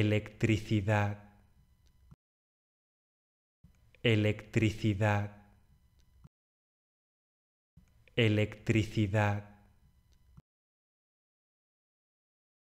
electricidad, electricidad, electricidad.